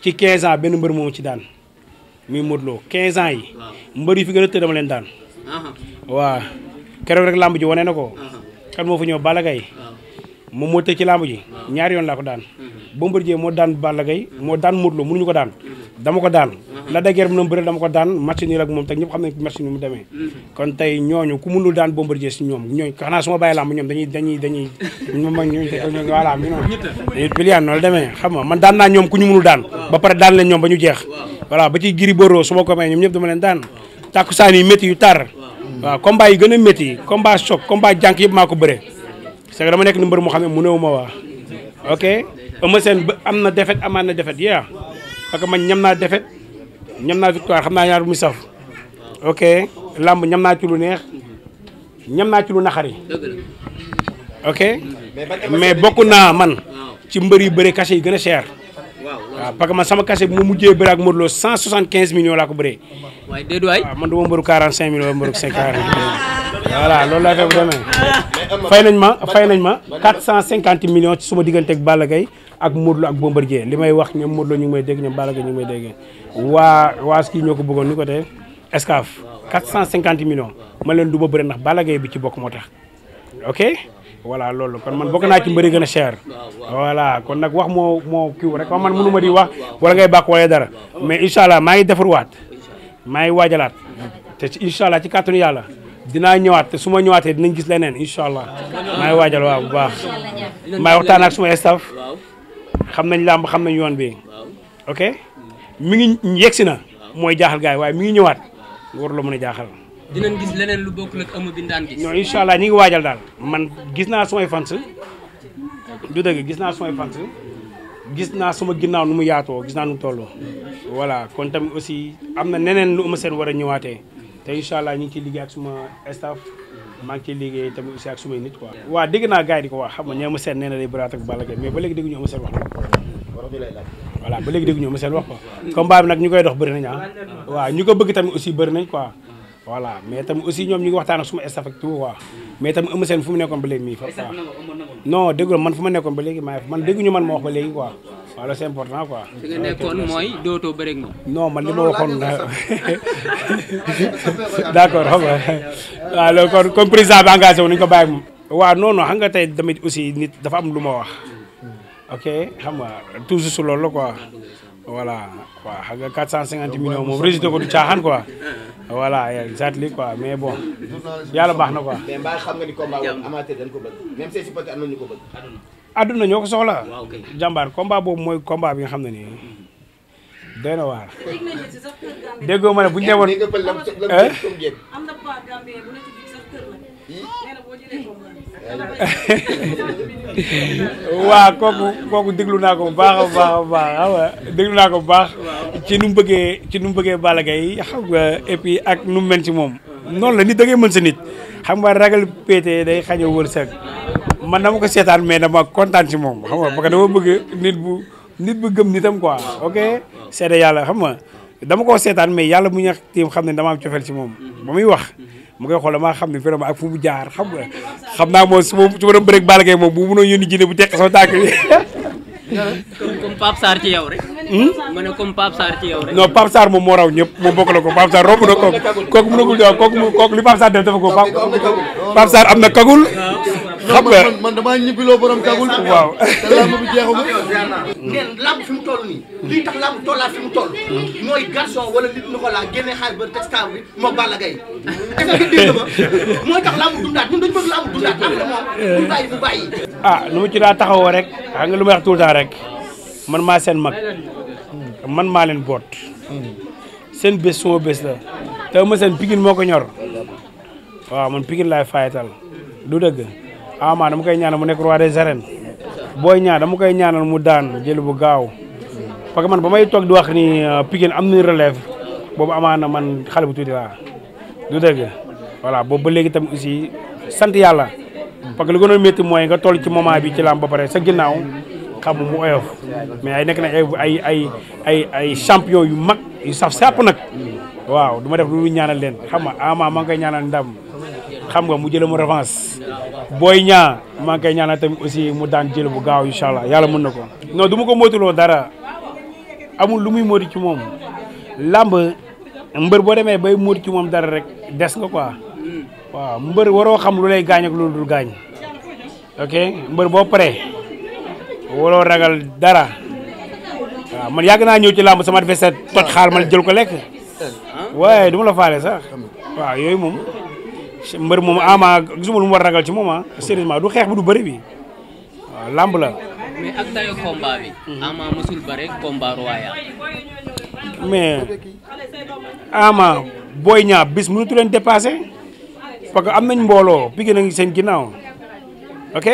ci 15 ans benn mbër moomu ci daan muy Modou Lo 15 yi. mbër yi fi gën a leen daan. waa keroog rek làmb ji wane na ko. kan moo fa ñëw Balla moom moo tëj ci làmb ji ñaari yoon laa ko daan. Mhm. Bombardier moo daan Balla Gaye mhm. moo daan Modou Lo mënuñu ko daan. Mhm. dama ko daan la dageer mu dama ko daan match nii ak moom te ñëpp xam nañ match ni mu demee mhm. kon tey ñooñu ku mënul daan bombardier si ñoom ñooñu xanaa su ma bàyyi làmb ñoom dañuy dañuy dañuy ñoom mag noonu la demee xam nga man daan naa ñoom ku ñu mënul daan ba pare daan leen ñoom ba ñu jeex voilà ba ci giri boroo su ma ko may ñoom ñëpp dama leen daan tàkkusaan yi métti yu tar waaw combat yi gën a métti combat choc combat jànk yëpp maa ko bëre c'est que nekk ni mbër moo xam ne mënewu ma waa ok Eumeu Sène am na défaite amaat na defet yaa parce que man ñam naa défaite ñam naa victoire xam naa ñaar bu muy saf ok làmb ñam naa ci neex ñam naa ci lu naxari ok mais bokk naa man ci mbër yu bëre cachet yi gën a cher waaw parce que man sama cachet bu ma mujjee bëre ak Modou Lo 175 millions laa ko bëree waaw man du ma mbëru 45 millions mbëru 50 voilà loolu laa fekk demee fay nañ ma fay nañ ma 450 millions ci suma diggante ak Balla ak Modou Lo ak Bombardier li may wax ñoom Modou Lo ñu ngi may dégg ñoom Balla Gaye ñu waa waa kii ñoo ko bëggoon ni ko tey Escaf 450 millions ma leen du ma bëri ndax Balla bi ci bokk moo tax ok voilà loolu kon man bokk naa ci mbëri gën a cher voilà kon nag wax moo moo kiw rek man mënu ma di wax wala ngay bàkk wala dara mais incha allah maa ngi defarwaat maa ngi waajalaat te incha allah ci kàttanu yàlla dinaa ñëwaat te su ma ñëwaatee dinañ gis leneen incha allah maay waajal waaw bu baax maay waxtaan ak suma staff xam nañ làmb xam nañ yoon bi ok mi ngi yegsi na mooy jaaxal gars waaye mi ngi ñëwaat war la mën a jaaxal. dinañ leneen lu bokkul ak amu bi daan allah ñu waajal daal man gis naa sumay fans du dëgg gis naa sumay fans gis naa suma ginnaaw nu mu yaatoo gis naa nu mu tolloo voilà kon tamit aussi am na neneen lu ma seen war a ñëwaatee. te incha allah ñu ngi ciy liggéey ak suma staff maa ngi ciy liggéey tamit aussi ak sumay nit quoi. waaw dégg naa gars yi di ko wax xam nga ñoo ma seen nee na day bëraat ak Balla Gaye mais ba léegi dégg ñoo ma seen ba léegi dégg ñoo ma ñoom ñu ngi waxtaan ak suma staff ak nekkoon ba léegi mii fu ma nekkoon ba léegi maa man ma wax ba léegi quoi voilà c'est important quoi. fi nga nekkoon mooy dootoo bëri ma waxoon d'accord xam nga waaw comme président bi engagé wu nañu ko bàyyi ak moom. waaw non non xam nga tey tamit aussi nit dafa am lu ma wax. ok xam nga toujours su la quoi. voilà waaw xam nga 450 millions moom rejeté ko du caaxaan quoi voilà exactement quoi mais bon yàlla baax na ko àdduna ñoo ko soxla jàmbaar combat boobu mooy combat bi nga xam ne nii doy na waar déggoo ma ne bu ñu demoon kooku kooku déglu naa ko bu baax a baax baax xam naa ko bu baax ci nu mu ci nu mu bëggee Balla Gaye ak nu mu mel ci moom noonu la nit da ngay mën sa nit xam nga ragal péete day xañoo wërsëg man dama ko seetaan mais dama kontaan ci moom xam nga parce que dama bëgg nit bu nit bu gëm nitam ko ok yàlla xam nga dama koo seetaan mais yàlla mu ñax tiim xam ne dama am cofeel ci moom ba muy wax mu koy xool damaa xam ne vraiment ak fu mu jaar xam nga xam naa moo su ma su ma doon bëreeg Balla Gaye moom bu mënoon jinne bu teq sama tànk bi comme comme hmm? ma ne comme Pape Sarr ci moom moo raw ñëpp moom bokk na ko Pape Sarr romb na kooku kooku mënagul waaw kooku kooku li Pape def ko Pape Sarr am na kagul ah. xam nga man man damaa ñibbiloo borom kagul. waaw te hmm. fi mu toll nii. lii tax làmb tollaat fi mu toll. Hmm. mooy garçon wala nit ñu ko laa génne xaalis ba textile bi moo Balla Gaye. est-ce que dégg tax làmb dundaat ñun dañu bëgg làmb na ah nu mu ci daa taxawoo rek. xam lu may wax tout rek man maa seen mag man maa leen boot. seen bés suma bés la te ma seen Pikine moo ko ñor waaw man Pikine laay fayatal du dëgg. ama mu koy ñaanal mu nekk roi des arènes booy ñaan dama koy ñaanal mu daan jël bu gaaw parce que man ba may toog di wax ni euh, Pikine am nañu relève boobu amaana man xale bu tuuti laa du dëgg voilà boobu ba léegi tam aussi sant yàlla parce que li gën a métti mooy nga toll ci moment bi ci làmb ba pare sa ginnaaw xam mu oyof mais ay nekk na ay ay ay ay champion yu mag yu saf sàpp nag waaw du ma def lu ñaanal leen xam nga ama maa ngi koy ndam xam nga mu jël mu revanche booy ñaa maa ngi koy ñaanal tamit aussi mu daan jël bu gaaw incha allah yàlla mun na ko. non du ma ko loo dara amul lu muy moytu ci moom làmb mbër boo demee bay moytu ci moom dara rek des nga ko waaw mbër waroo xam lu lay gaañ ak lu dul gaañ ok mbër boo paree waroo ragal dara man yàgg naa ñëw ci làmb sama adversaire toj xaal man jël ko lekk ah. waaye du ma la faale sax waaw yooyu moom. mbër moom ama gisuma lu war ragal ci moom ah sérieusement du xeex bu du bëri bi waaw làmb la. mais ak dayo ñaa hmm. bis mënatu leen dépassé parce que am nañ mbooloo pigé nañ seen ginnaaw. ok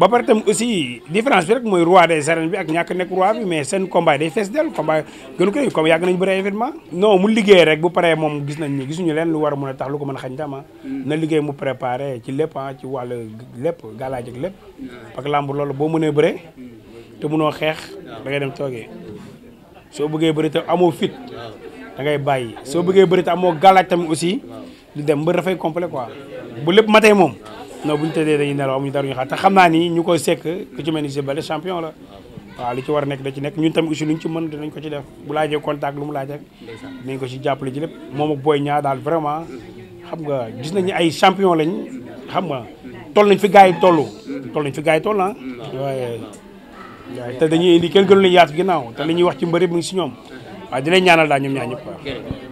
ba pare tam aussi différence bi rek mooy roi des arènes bi ak ñàkk nekk roi bi mais seen combat day fees del combat gënu ko comme yàgg nañu bëri événement non mu liggéey rek bu paree moom gis nañ ni gisuñu leen lu war a mën a tax lu ko mën a xañ dama ah. mm. na liggéey mu préparé ci lépp ah ci wàll lépp galaaj ak lépp parce que làmb loolu boo mënee bëree te mënoo xeex da ngay dem toogee soo bëggee bëri te amoo fit da ngay bàyyi soo bëggee bëri te amoo galaaj tamit aussi di dem mbër dafay complet quoi bu lépp matee moom non bu ñu tëddee dañuy nelaw amuñu dara ñu xaar te xam naa ni ñu koy sekk ku ci mel ni si bale champion la waaw li ci war nekk da ci nekk ñun tamit aussi nu ñu ci mën dinañ ko ci def bu laajee contact lu mu laaj rek dinañ ko ci jàppale ci lépp moom ak Boy Niang daal vraiment xam nga gis nañ ay champion lañ xam nga toll nañ fi gars yi toll toll nañ fi gars yi toll ah waaye te dañuy indi kenn gënu lañu yaatu ginnaaw te li ñuy wax ci mbari mu ngi si ñoom waaw dinañ ñaanal daal ñoom ñaar ñëpp